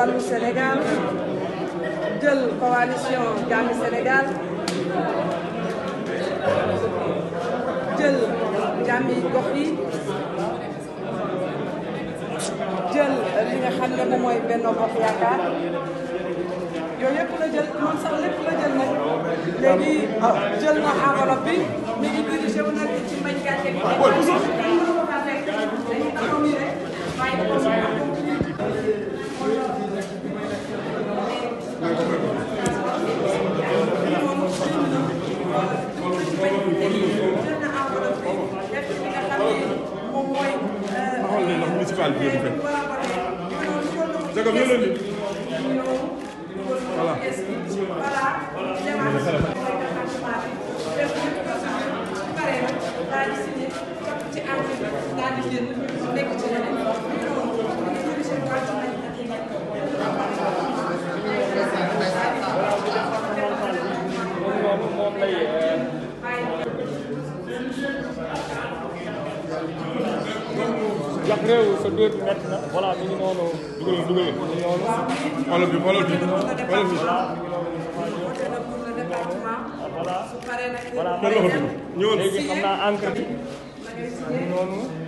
wàllu Sénégal jël coalition Jammi Sénégal jël jàmmi gox yi jël li nga xam ne moom mooy Benno Bokk Yaakaar yooyu yëpp la jël moom sax lépp la jël nag léegi jël na enveloppe bi mi ngi dirigé wu nag ci mbañkante bi ne ndax municipal bi yëngu fenn. Jacob yëngu voilà. Thank you. ndax réew sa dóor bi métti na voilà mi ngi noonu. dugal dugal mi ngi noonu. xoolal bi xoolal bi xoolal bi. voilà. voilà. léegi xam naa encre bi. noonu.